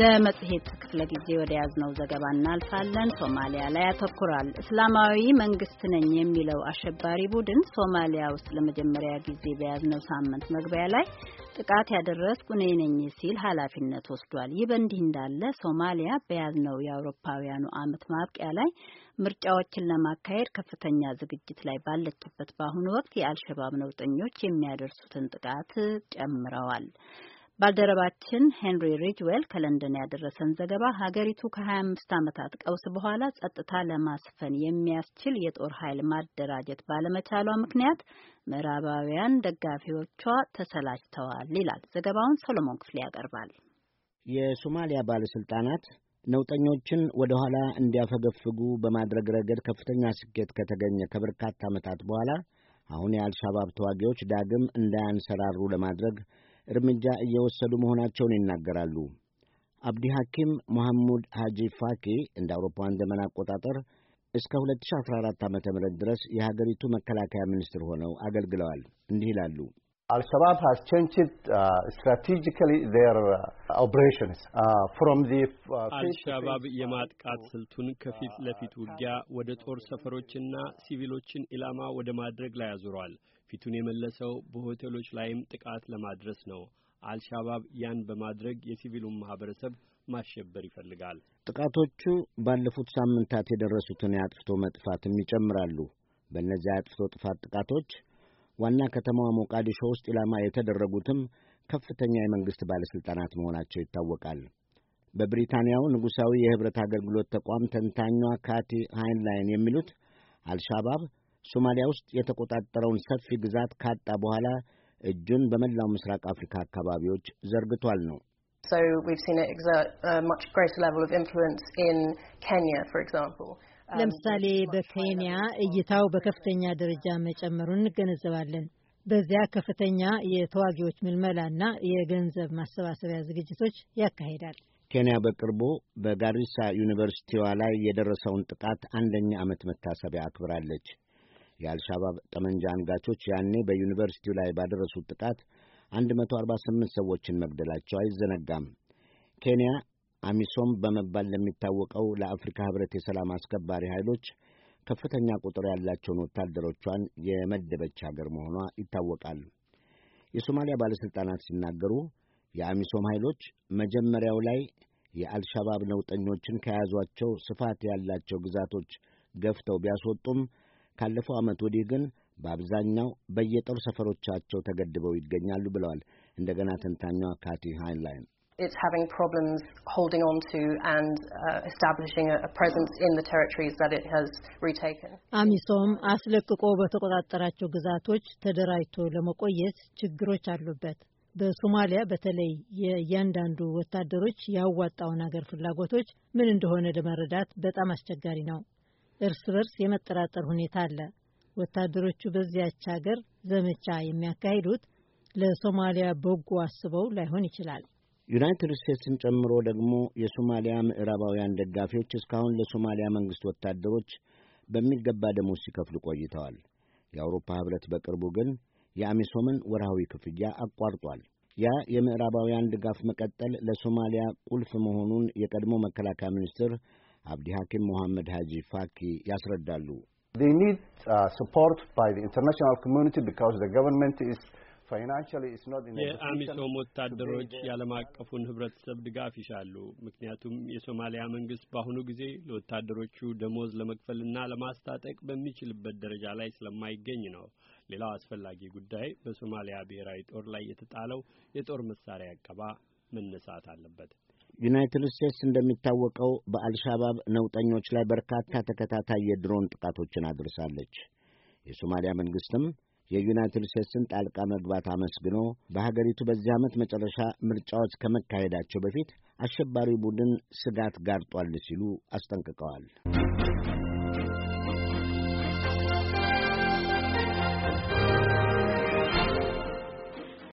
ለመጽሔት ክፍለ ጊዜ ወደ ያዝነው ዘገባ እናልፋለን። ሶማሊያ ላይ ያተኩራል። እስላማዊ መንግስት ነኝ የሚለው አሸባሪ ቡድን ሶማሊያ ውስጥ ለመጀመሪያ ጊዜ በያዝነው ሳምንት መግቢያ ላይ ጥቃት ያደረስኩ እኔ ነኝ ሲል ኃላፊነት ወስዷል። ይህ በእንዲህ እንዳለ ሶማሊያ በያዝነው የአውሮፓውያኑ ዓመት ማብቂያ ላይ ምርጫዎችን ለማካሄድ ከፍተኛ ዝግጅት ላይ ባለችበት በአሁኑ ወቅት የአልሸባብ ነውጠኞች የሚያደርሱትን ጥቃት ጨምረዋል። ባልደረባችን ሄንሪ ሪጅዌል ከለንደን ያደረሰን ዘገባ ሀገሪቱ ከ25 ዓመታት ቀውስ በኋላ ጸጥታ ለማስፈን የሚያስችል የጦር ኃይል ማደራጀት ባለመቻሏ ምክንያት ምዕራባውያን ደጋፊዎቿ ተሰላችተዋል ይላል። ዘገባውን ሰሎሞን ክፍሌ ያቀርባል። የሶማሊያ ባለስልጣናት ነውጠኞችን ወደ ኋላ እንዲያፈገፍጉ በማድረግ ረገድ ከፍተኛ ስኬት ከተገኘ ከበርካታ ዓመታት በኋላ አሁን የአልሻባብ ተዋጊዎች ዳግም እንዳያንሰራሩ ለማድረግ እርምጃ እየወሰዱ መሆናቸውን ይናገራሉ። አብዲ ሐኪም መሐሙድ ሐጂ ፋኪ እንደ አውሮፓውያን ዘመን አቆጣጠር እስከ 2014 ዓ ም ድረስ የሀገሪቱ መከላከያ ሚኒስትር ሆነው አገልግለዋል። እንዲህ ይላሉ። Al-Shabaab has changed uh, strategically their uh, operations uh, from the አልሻባብ የማጥቃት ስልቱን ከፊት ለፊት ውጊያ ወደ ጦር ሰፈሮችና ሲቪሎችን ኢላማ ወደ ማድረግ ላይ አዙሯል። ፊቱን የመለሰው በሆቴሎች ላይም ጥቃት ለማድረስ ነው። አልሻባብ ያን በማድረግ የሲቪሉን ማህበረሰብ ማሸበር ይፈልጋል። ጥቃቶቹ ባለፉት ሳምንታት የደረሱትን የአጥፍቶ መጥፋትም ይጨምራሉ። በእነዚያ የአጥፍቶ ጥፋት ጥቃቶች ዋና ከተማዋ ሞቃዲሾ ውስጥ ኢላማ የተደረጉትም ከፍተኛ የመንግሥት ባለሥልጣናት መሆናቸው ይታወቃል። በብሪታንያው ንጉሣዊ የኅብረት አገልግሎት ተቋም ተንታኟ ካቲ ሃይንላይን የሚሉት አልሻባብ ሶማሊያ ውስጥ የተቆጣጠረውን ሰፊ ግዛት ካጣ በኋላ እጁን በመላው ምስራቅ አፍሪካ አካባቢዎች ዘርግቷል ነው። So we've seen it exert a uh, much greater level of influence in Kenya, for example. ለምሳሌ በኬንያ እይታው በከፍተኛ ደረጃ መጨመሩን እንገነዘባለን። በዚያ ከፍተኛ የተዋጊዎች ምልመላና የገንዘብ ማሰባሰቢያ ዝግጅቶች ያካሂዳል። ኬንያ በቅርቡ በጋሪሳ ዩኒቨርሲቲዋ ላይ የደረሰውን ጥቃት አንደኛ ዓመት መታሰቢያ አክብራለች። የአልሻባብ ጠመንጃ አንጋቾች ያኔ በዩኒቨርሲቲው ላይ ባደረሱት ጥቃት 148 ሰዎችን መግደላቸው አይዘነጋም። ኬንያ አሚሶም በመባል ለሚታወቀው ለአፍሪካ ህብረት የሰላም አስከባሪ ኃይሎች ከፍተኛ ቁጥር ያላቸውን ወታደሮቿን የመደበች አገር መሆኗ ይታወቃል። የሶማሊያ ባለሥልጣናት ሲናገሩ የአሚሶም ኃይሎች መጀመሪያው ላይ የአልሻባብ ነውጠኞችን ከያዟቸው ስፋት ያላቸው ግዛቶች ገፍተው ቢያስወጡም ካለፈው ዓመት ወዲህ ግን በአብዛኛው በየጦር ሰፈሮቻቸው ተገድበው ይገኛሉ ብለዋል። እንደገና ተንታኟ ካቲ ሃይንላይን it's having problems holding on to and uh, establishing a, a presence in the territories that it has retaken. አሚሶም አስለቅቆ በተቆጣጠራቸው ግዛቶች ተደራጅቶ ለመቆየት ችግሮች አሉበት። በሶማሊያ በተለይ የእያንዳንዱ ወታደሮች ያዋጣውን ሀገር ፍላጎቶች ምን እንደሆነ ለመረዳት በጣም አስቸጋሪ ነው። እርስ በርስ የመጠራጠር ሁኔታ አለ። ወታደሮቹ በዚያች ሀገር ዘመቻ የሚያካሂዱት ለሶማሊያ በጎ አስበው ላይሆን ይችላል። ዩናይትድ ስቴትስን ጨምሮ ደግሞ የሶማሊያ ምዕራባውያን ደጋፊዎች እስካሁን ለሶማሊያ መንግሥት ወታደሮች በሚገባ ደሞዝ ሲከፍሉ ቆይተዋል። የአውሮፓ ኅብረት በቅርቡ ግን የአሚሶምን ወርሃዊ ክፍያ አቋርጧል። ያ የምዕራባውያን ድጋፍ መቀጠል ለሶማሊያ ቁልፍ መሆኑን የቀድሞ መከላከያ ሚኒስትር አብዲ ሐኪም ሞሐመድ ሃጂ ፋኪ ያስረዳሉ። uh, የአሚሶም ወታደሮች የዓለም አቀፉን ህብረተሰብ ድጋፍ ይሻሉ። ምክንያቱም የሶማሊያ መንግስት በአሁኑ ጊዜ ለወታደሮቹ ደሞዝ ለመክፈልና ለማስታጠቅ በሚችልበት ደረጃ ላይ ስለማይገኝ ነው። ሌላው አስፈላጊ ጉዳይ በሶማሊያ ብሔራዊ ጦር ላይ የተጣለው የጦር መሳሪያ ዕቀባ መነሳት አለበት። ዩናይትድ ስቴትስ እንደሚታወቀው በአልሻባብ ነውጠኞች ላይ በርካታ ተከታታይ የድሮን ጥቃቶችን አድርሳለች። የሶማሊያ መንግስትም የዩናይትድ ስቴትስን ጣልቃ መግባት አመስግኖ በሀገሪቱ በዚህ ዓመት መጨረሻ ምርጫዎች ከመካሄዳቸው በፊት አሸባሪው ቡድን ስጋት ጋርጧል ሲሉ አስጠንቅቀዋል።